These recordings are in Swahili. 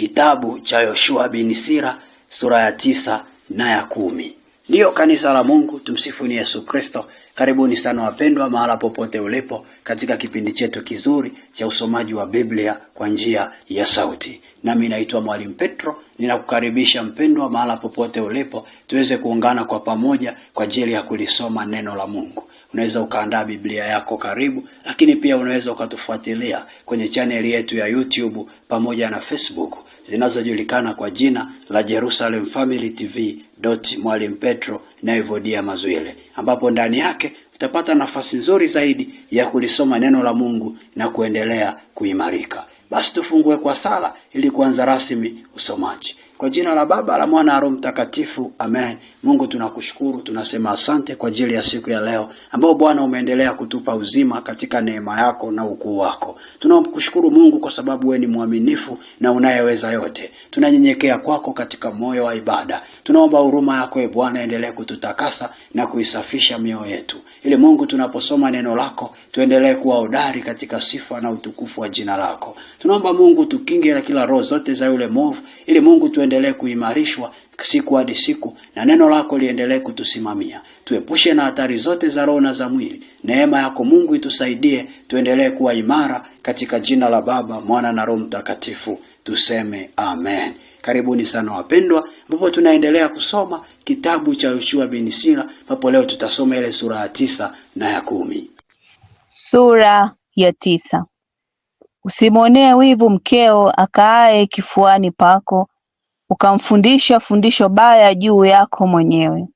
kitabu cha Yoshua bin Sira sura ya tisa na ya kumi. Ndiyo kanisa la Mungu, tumsifuni Yesu Kristo. Karibuni sana wapendwa, mahala popote ulipo, katika kipindi chetu kizuri cha usomaji wa Biblia kwa njia ya sauti. Nami naitwa Mwalimu Petro, ninakukaribisha mpendwa, mahala popote ulipo, tuweze kuungana kwa pamoja kwa ajili ya kulisoma neno la Mungu. Unaweza ukaandaa Biblia yako karibu, lakini pia unaweza ukatufuatilia kwenye chaneli yetu ya YouTube pamoja na Facebook zinazojulikana kwa jina la Jerusalem Family TV Mwalimu Petro na Evodia Mazwile, ambapo ndani yake utapata nafasi nzuri zaidi ya kulisoma neno la Mungu na kuendelea kuimarika. Basi tufungue kwa sala ili kuanza rasmi usomaji. Kwa jina la Baba la Mwana na Roho Mtakatifu, amen. Mungu tunakushukuru, tunasema asante kwa ajili ya siku ya leo ambao Bwana umeendelea kutupa uzima katika neema yako na ukuu wako. Tunakushukuru Mungu kwa sababu we ni mwaminifu na unayeweza yote. Tunanyenyekea kwako katika moyo wa ibada. Tunaomba huruma yako e Bwana endelee kututakasa na kuisafisha mioyo yetu, ili Mungu tunaposoma neno lako tuendelee kuwa hodari katika sifa na utukufu wa jina lako. Tunaomba Mungu tukinge na kila roho zote za yule mwovu, ili Mungu tuendelee kuimarishwa siku hadi siku, na neno lako liendelee kutusimamia. Tuepushe na hatari zote za roho na za mwili. Neema yako Mungu itusaidie, tuendelee kuwa imara, katika jina la Baba, Mwana na Roho Mtakatifu tuseme amen. Karibuni sana wapendwa, ambapo tunaendelea kusoma kitabu cha Yoshua bin Sira, ambapo leo tutasoma ile sura ya tisa na ya kumi. Sura ya tisa. Usimwonee wivu mkeo akaaye kifuani pako, ukamfundisha fundisho baya juu yako mwenyewe.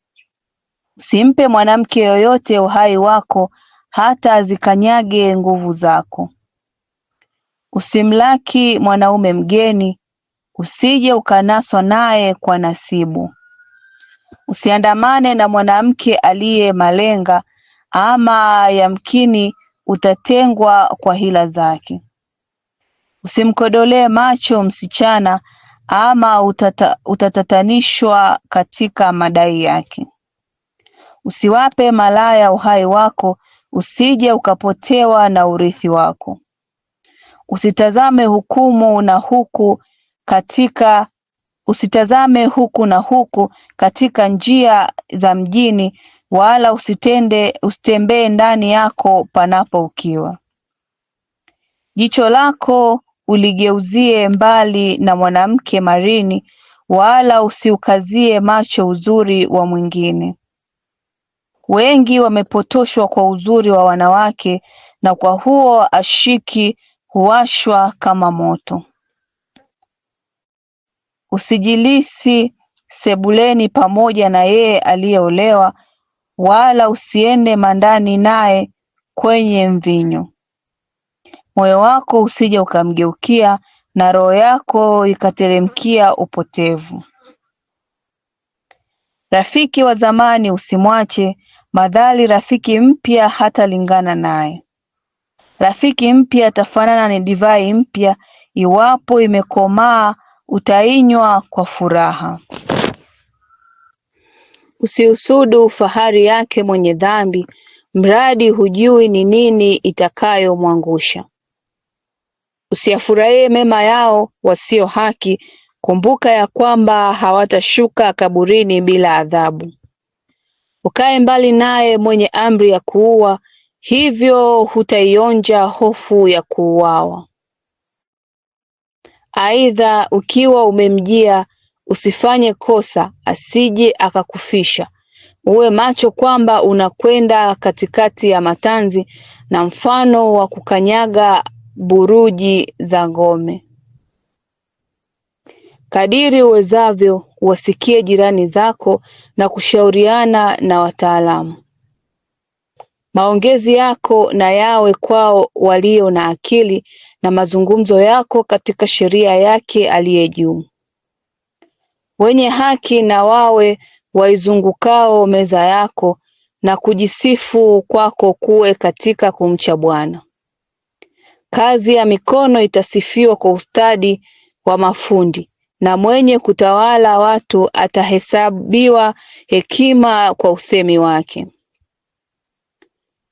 Usimpe mwanamke yoyote uhai wako hata azikanyage nguvu zako. Usimlaki mwanaume mgeni, usije ukanaswa naye kwa nasibu. Usiandamane na mwanamke aliye malenga, ama yamkini utatengwa kwa hila zake. Usimkodolee macho msichana ama utatatanishwa katika madai yake. Usiwape malaya uhai wako, usije ukapotewa na urithi wako. Usitazame hukumu na huku katika usitazame huku na huku katika njia za mjini, wala usitende usitembee ndani yako panapo ukiwa. Jicho lako uligeuzie mbali na mwanamke marini wala usiukazie macho uzuri wa mwingine. Wengi wamepotoshwa kwa uzuri wa wanawake, na kwa huo ashiki huwashwa kama moto. Usijilisi sebuleni pamoja na yeye aliyeolewa, wala usiende mandani naye kwenye mvinyo moyo wako usije ukamgeukia na roho yako ikateremkia upotevu. Rafiki wa zamani usimwache, madhali rafiki mpya hatalingana naye. Rafiki mpya atafanana na divai mpya, iwapo imekomaa, utainywa kwa furaha. Usiusudu fahari yake mwenye dhambi, mradi hujui ni nini itakayomwangusha. Usiyafurahie mema yao wasio haki kumbuka ya kwamba hawatashuka kaburini bila adhabu. Ukae mbali naye mwenye amri ya kuua, hivyo hutaionja hofu ya kuuawa. Aidha, ukiwa umemjia usifanye kosa, asije akakufisha. Uwe macho kwamba unakwenda katikati ya matanzi, na mfano wa kukanyaga buruji za ngome. Kadiri uwezavyo wasikie jirani zako na kushauriana na wataalamu. Maongezi yako na yawe kwao walio na akili na mazungumzo yako katika sheria yake aliye juu. Wenye haki na wawe waizungukao meza yako na kujisifu kwako kuwe katika kumcha Bwana. Kazi ya mikono itasifiwa kwa ustadi wa mafundi na mwenye kutawala watu atahesabiwa hekima kwa usemi wake.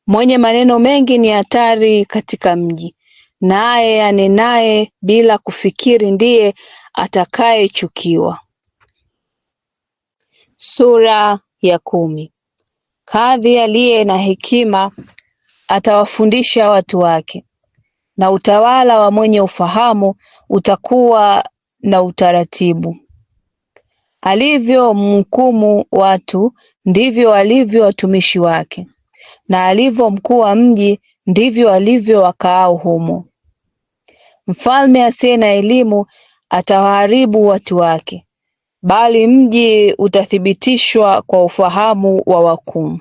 Mwenye maneno mengi ni hatari katika mji, naye anenaye bila kufikiri ndiye atakayechukiwa. Sura ya kumi. Kadhi aliye na hekima atawafundisha watu wake, na utawala wa mwenye ufahamu utakuwa na utaratibu. alivyo mhukumu watu ndivyo alivyo watumishi wake, na alivyo mkuu wa mji ndivyo alivyo wakaao humo. Mfalme asiye na elimu atawaharibu watu wake, bali mji utathibitishwa kwa ufahamu wa wakuu.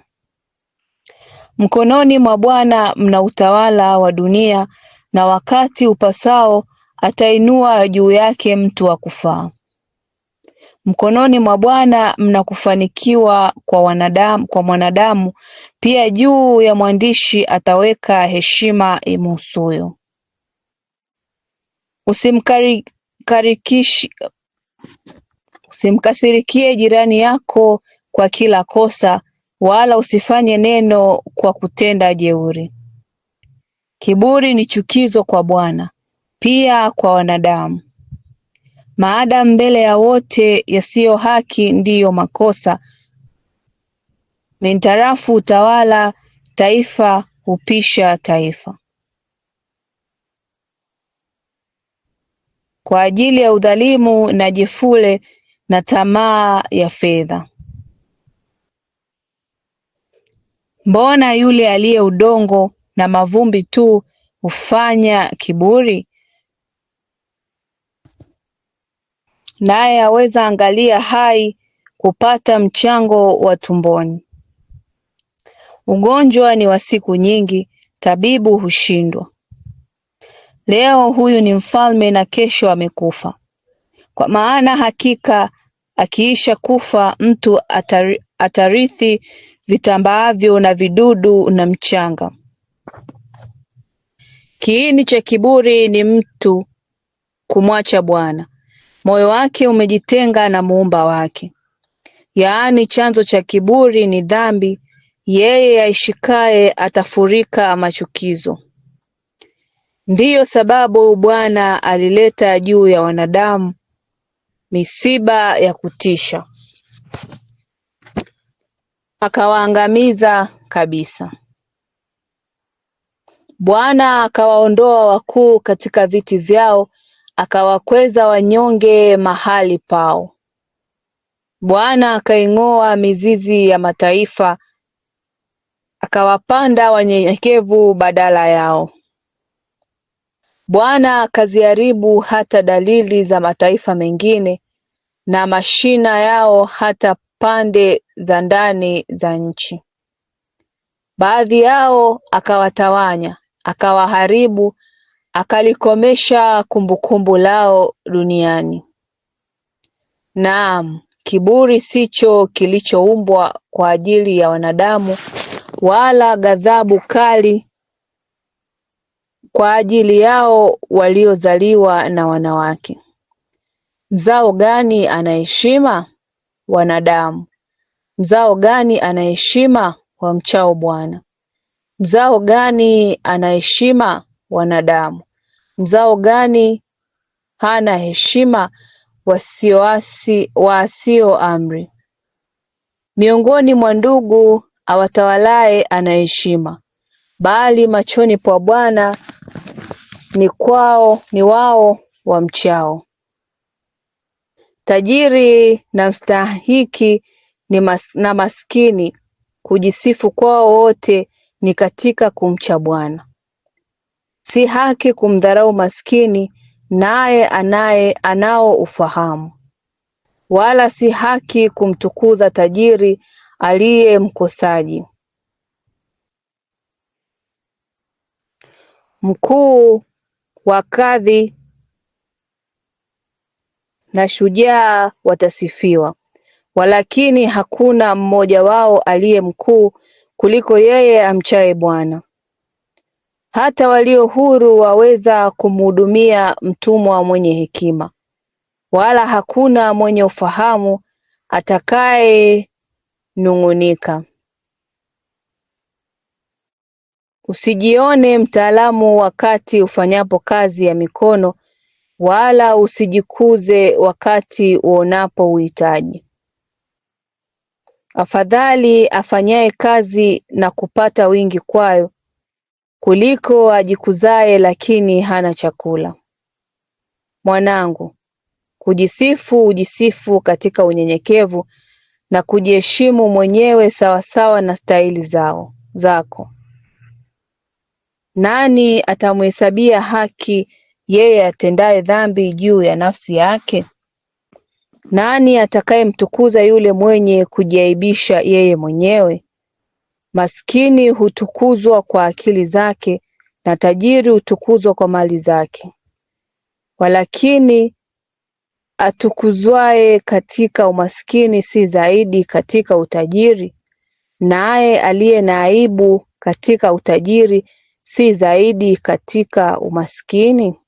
Mkononi mwa Bwana mna utawala wa dunia na wakati upasao atainua juu yake mtu wa kufaa. Mkononi mwa Bwana mna kufanikiwa kwa wanadamu, kwa mwanadamu pia juu ya mwandishi ataweka heshima imuhusuyo. Usimkasirikie jirani yako kwa kila kosa, wala usifanye neno kwa kutenda jeuri. Kiburi ni chukizo kwa Bwana, pia kwa wanadamu. Maada mbele ya wote yasiyo haki ndiyo makosa, mintarafu utawala, taifa hupisha taifa. Kwa ajili ya udhalimu na jefule na tamaa ya fedha. Mbona yule aliye udongo na mavumbi tu hufanya kiburi? Naye aweza angalia hai kupata mchango wa tumboni. Ugonjwa ni wa siku nyingi, tabibu hushindwa. Leo huyu ni mfalme na kesho amekufa. Kwa maana hakika akiisha kufa mtu atarithi vitambaavyo na vidudu na mchanga. Kiini cha kiburi ni mtu kumwacha Bwana, moyo wake umejitenga na muumba wake, yaani chanzo cha kiburi ni dhambi. Yeye aishikaye atafurika machukizo. Ndiyo sababu Bwana alileta juu ya wanadamu misiba ya kutisha, akawaangamiza kabisa. Bwana akawaondoa wakuu katika viti vyao, akawakweza wanyonge mahali pao. Bwana akaing'oa mizizi ya mataifa, akawapanda wanyenyekevu badala yao. Bwana akaziharibu hata dalili za mataifa mengine, na mashina yao hata pande za ndani za nchi. Baadhi yao akawatawanya, akawaharibu akalikomesha kumbukumbu lao duniani Naam kiburi sicho kilichoumbwa kwa ajili ya wanadamu wala ghadhabu kali kwa ajili yao waliozaliwa na wanawake Mzao gani ana heshima? Wanadamu. Mzao gani ana heshima? Wamchao Bwana. Mzao gani anaheshima wanadamu, mzao gani hana heshima waasio amri. Miongoni mwa ndugu awatawalaye ana heshima, bali machoni pwa Bwana ni wao wa mchao Tajiri na mstahiki na maskini, kujisifu kwao wote ni katika kumcha Bwana. Si haki kumdharau maskini naye anaye anao ufahamu, wala si haki kumtukuza tajiri aliye mkosaji. Mkuu wa kadhi na shujaa watasifiwa, walakini hakuna mmoja wao aliye mkuu kuliko yeye amchaye Bwana hata walio huru waweza kumhudumia mtumwa mwenye hekima, wala hakuna mwenye ufahamu atakayenung'unika. Usijione mtaalamu wakati ufanyapo kazi ya mikono, wala usijikuze wakati uonapo uhitaji. Afadhali afanyaye kazi na kupata wingi kwayo, kuliko ajikuzaye lakini hana chakula. Mwanangu, kujisifu ujisifu katika unyenyekevu na kujiheshimu mwenyewe sawasawa na stahili zao zako. Nani atamhesabia haki yeye atendaye dhambi juu ya nafsi yake? Nani atakayemtukuza yule mwenye kujiaibisha yeye mwenyewe? Maskini hutukuzwa kwa akili zake, na tajiri hutukuzwa kwa mali zake. Walakini atukuzwaye katika umaskini si zaidi katika utajiri, naye aliye na aibu katika utajiri si zaidi katika umaskini?